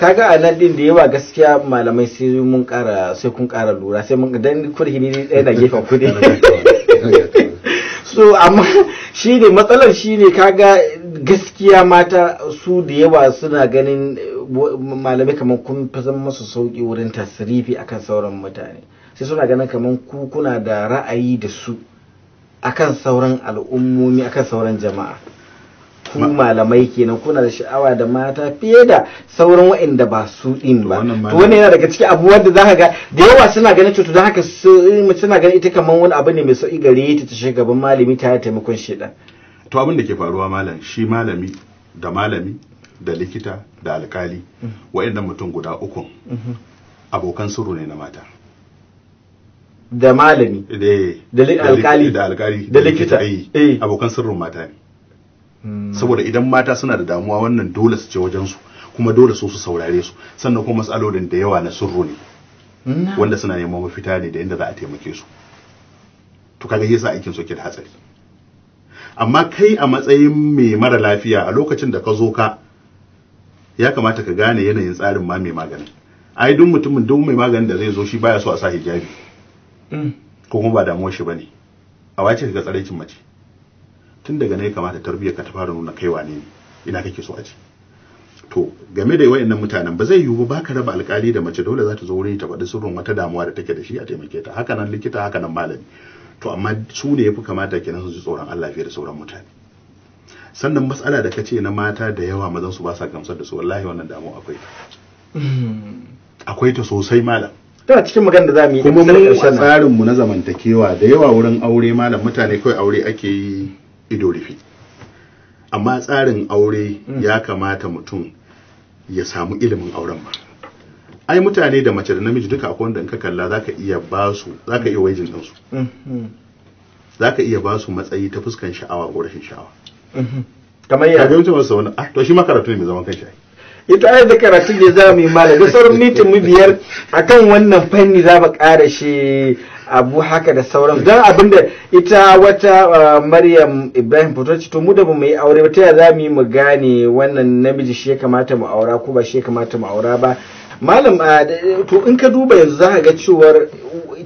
kaga a nan din da yawa gaskiya malamai sai mun kara sai kun kara lura sai mun dan ne ɗaya na gefen kuɗi so amma shi ne matsalar shi ne kaga gaskiya mata su da yawa suna ganin malamai kamar kun fi masu sauki wurin tasirifi akan sauran mutane sai suna ganin kamar ku kuna da ra'ayi da su akan sauran al'ummomi akan sauran jama'a ku malamai kenan kuna da sha'awa da mata fiye da sauran wa'inda ba su din ba to wannan yana daga cikin abubuwan da zaka ga da yawa suna ganin cutu don haka suna ganin ita kamar wani abu ne mai sauki gare ta ta shiga gaban malami ta taimakon shedan to abin da ke faruwa malam shi malami da malami da likita da alkali mm-hmm. wa'annan mutum guda uku mm-hmm. abokan sirru ne na mata da malami eh. da alkali da likita eh. Eh. abokan sirrin mata ne Hmm. saboda idan mata suna da damuwa wannan dole su ce wajen su kuma dole su su saurare su sannan kuma matsalolin da yawa na sirru ne hmm. wanda suna neman mafita ne da inda za a taimake su to kaga yasa aikin soke da hatsari amma kai a matsayin mai mara lafiya a lokacin da ka zo ka ya kamata ka gane yanayin tsarin ma mai maganin ai duk mutumin duk mai maganin da zai zo shi baya so a sa hijabi hmm. ko kuma ba damuwar shi bane a wace ka ga tsaraicin mace tun daga nan kamata tarbiyyar ka ta fara nuna kai wane ne ina kake so a ji to game da wayannan mutanen ba zai yiwu ba ka raba alkali da mace dole za ta zo wurin ta faɗi sirrin wata damuwa da take da shi a taimake ta haka nan likita haka nan malami to amma su ne yafi kamata kenan su ji tsoron Allah fiye da sauran mutane sannan matsala da kace na mata da yawa mazan su ba sa gamsar da su wallahi wannan damuwa akwai akwai ta sosai malam a cikin magana da zamu yi kuma mun tsarin mu na zamantakewa da yawa wurin aure malam mutane kai aure ake yi ido rufe amma tsarin aure mm. ya kamata mutum ya samu ilimin auren ba ai mutane da mace da namiji duka akwai wanda in ka kalla zaka iya ba su zaka iya wajin din su mm-hmm. zaka iya ba su matsayi ta fuskan sha'awa ko rashin sha'awa mm-hmm. kamar ya ga mutum wasu wani ah, to shi ma karatu ne mai zaman kanshi ita ai da karatu ne za mu yi malam da sauran mitin mu biyar akan wannan fanni za mu ƙara shi abu haka da sauran don abinda ita wata uh, maryam ibrahim fotoci to mu da mu yi aure ba ta yaya mu yi mu gane wannan namiji shi ya kamata mu aura ko ba shi ya kamata mu aura ba malam uh, to in ka duba yanzu za ka ga cewar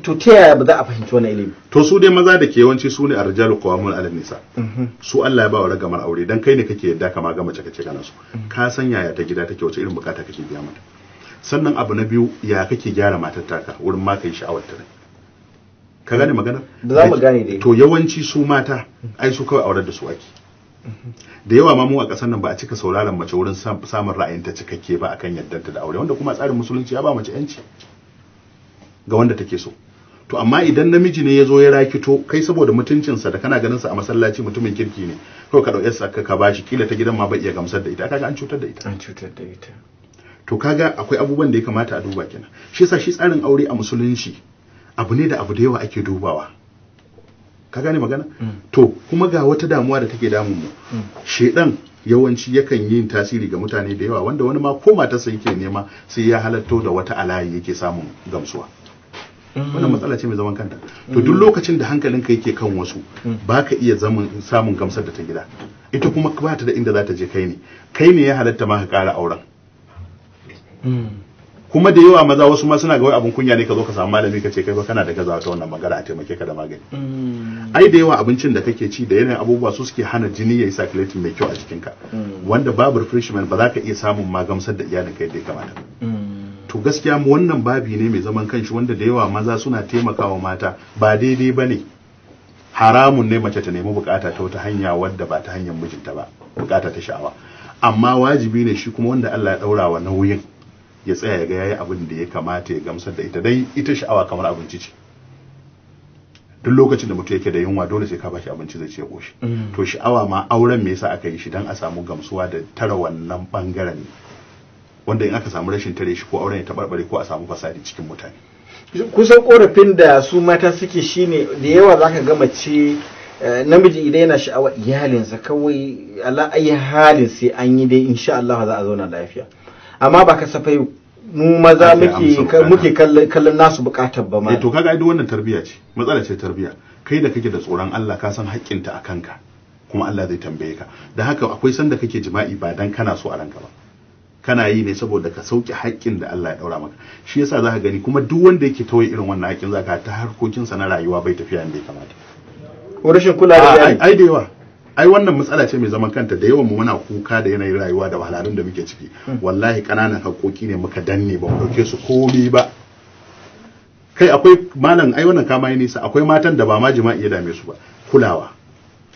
to ta ba za a fahimci wani ilimi to su dai maza da ke yawanci su ne arjalu qawamun ala nisa mhm. su Allah ya ba wa ragamar aure dan kai ne kake yadda kama ga mace kace kana mhm. ka san yaya ta gida take wace irin bukata kake biya mata sannan abu na biyu ya kake gyara matar wurin ma kai sha'awar ta ka gane magana da za gane dai to yawanci su mata ai su kawai aurar da su ake da yawa ma mu a ƙasar nan ba a cika sauraron mace wurin samun ra'ayin ta cikakke ba akan ta da aure wanda kuma tsarin musulunci ya ba mace yanci ga wanda take so to amma idan namiji ne ya zo ya rakito kai saboda mutuncinsa da kana ganin sa a masallaci mutumin kirki ne to ka dauke sa ka bashi kila ta gidan ma ba iya gamsar da ita kaga an cutar da ita an cutar da ita to kaga akwai abubuwan da ya kamata a duba kenan shi yasa shi tsarin aure a musulunci abu ne da abu da yawa ake dubawa ka gane magana mm. to kuma ga wata damuwa da take damun mu mm. shedan yawanci yakan yi tasiri ga mutane da yawa wanda wani ma ko mata sai yake nema sai ya halatto da wata alayi yake samun gamsuwa mm. wannan matsala ce mai zaman kanta to duk lokacin da hankalinka yake kan wasu baka iya zaman samun gamsar da ta gida ita kuma ba ta da inda za ta je kai ne kai ne ya halatta ma ka kara auren kuma da yawa maza wasu ma suna ga wai abun kunya ne ka zo ka samu malami ka ce kai ba kana da gazawa ta wannan magana a taimake ka da magani mm. ai da yawa abincin da kake ci da yanayin abubuwa su suke hana jini ya yi circulating mai kyau a jikinka mm. wanda babu refreshment ba za ka iya samun magamsar da iyalinka yadda ya kamata mm. to gaskiya mu wannan babi ne mai zaman kanshi wanda da yawa maza suna taimakawa mata ba daidai ba ne haramun ne mace ta nemi bukata ta wata hanya wadda ba ta hanyar mijinta ba bukata ta sha'awa amma wajibi ne shi kuma wanda Allah ya daura wa nauyin ya tsaya ya ga yayi abin da ya kamata ya gamsar da ita dai ita sha'awa kamar abinci ce duk lokacin da mutum yake da yunwa dole sai ka bashi abinci zai ce koshi mm. to sha'awa ma auren me yasa aka yi shi dan a samu gamsuwa da tara wannan bangaren wanda in aka samu rashin tare shi ko auren ya tabarbare ko a samu fasadi cikin mutane kusan korafin da su mata suke shine da yawa zaka ga mace eh, namiji idan yana sha'awar iyalinsa kawai ala ayi halin sai an yi dai insha Allah za a zauna lafiya amma ba kasafai mu maza muke kallon nasu bukatar ba ma eh to kaga ai wannan tarbiya ce matsala ce tarbiya kai da kake da tsoron Allah ka san haƙƙinta a kanka kuma Allah zai tambaye ka da haka akwai sanda kake jima'i ba dan kana so a ranka ba kana yi ne saboda ka sauke haƙƙin da Allah ya daura maka shi yasa zaka gani kuma duk wanda yake tawaye irin wannan haƙƙin zaka ta harkokin sa na rayuwa bai tafiya inda ya kamata ko rashin kula da ai da yawa ai wannan matsala ce mai zaman kanta da yawan mu muna kuka da yanayin rayuwa da wahalhalun da muke ciki hmm. wallahi kananan haƙoƙi ne muka danne ba mu dauke su komai ba kai akwai malam ai wannan kama yi nisa akwai matan da ba ma jima'i ya dame su ba kulawa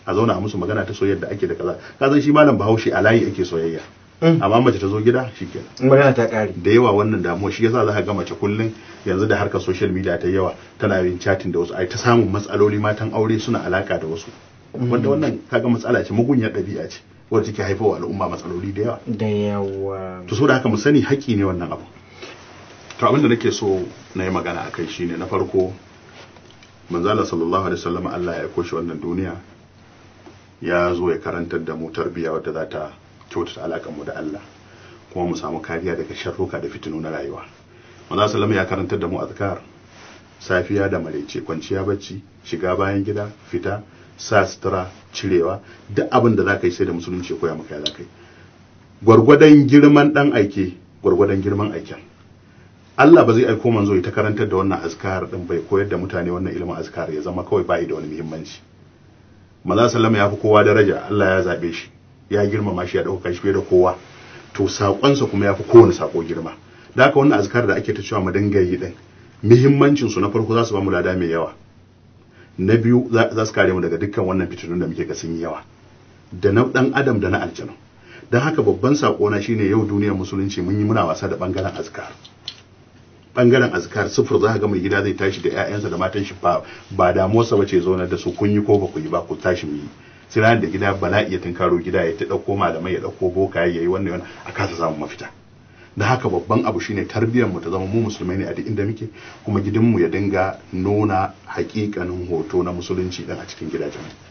a zauna a musu magana ta soyayya da ake da kaza ka san shi malam bahaushe a layi ake soyayya hmm. amma mace ta zo gida shikenan magana ta kare da yawa wannan damuwa shi yasa za ka ga mace kullun yanzu da harkar social media ta yawa tana yin chatting da wasu ai ta samun matsaloli matan aure suna alaka da wasu wanda wannan kaga matsala ce mugunyar dabi'a ce wadda take haifarwa al'umma matsaloli da yawa da yawa to saboda haka mu sani haƙi ne wannan abu to abin da nake so na yi magana akai shine na farko manzala sallallahu alaihi wasallam Allah ya aiko shi wannan duniya ya zo ya karantar da mu tarbiyya wadda za ta kyautata alaƙar mu da Allah kuma mu samu kariya daga sharruka da fitinu na rayuwa manzala sallallahu ya karantar da mu azkar safiya da marece kwanciya bacci shiga bayan gida fita sa sutura cirewa duk abin da zaka yi sai da musulunci koya maka ya zaka yi gwargwadon girman dan aike gwargwadon girman aiken Allah ba zai aiko manzo ya ta karantar da wannan azkar din bai koyar da mutane wannan ilimin azkar ya zama kawai bai da wani muhimmanci maza sallama ya fi kowa daraja Allah ya zabe shi ya girmama shi ya dauka shi fiye da kowa to sakonsa kuma ya fi kowane sako girma da haka wannan azkar da ake ta cewa mu dinga yi din muhimmancin su na farko za su ba mu lada mai yawa na biyu za su kare mu daga dukkan wannan fitinun da muke ga sun yawa da na dan adam da na aljanu don haka babban sako na ne yau duniyar musulunci mun yi muna wasa da bangaren azkar bangaren azkar sufur za ka ga mai gida zai tashi da 'ya'yansa da matan shi ba damuwarsa ba ce zauna da su kun yi ko ba yi ba ku tashi mu yi sai da gida bala'i ya tunkaro gida ya ta ɗauko malamai ya ɗauko boka ya yi wannan a kasa samun mafita da haka babban abu shine tarbiyyar mu ta zama mu musulmai ne a duk inda muke kuma gidanmu ya dinga nuna hakikanin hoto na musulunci dan a cikin gidajen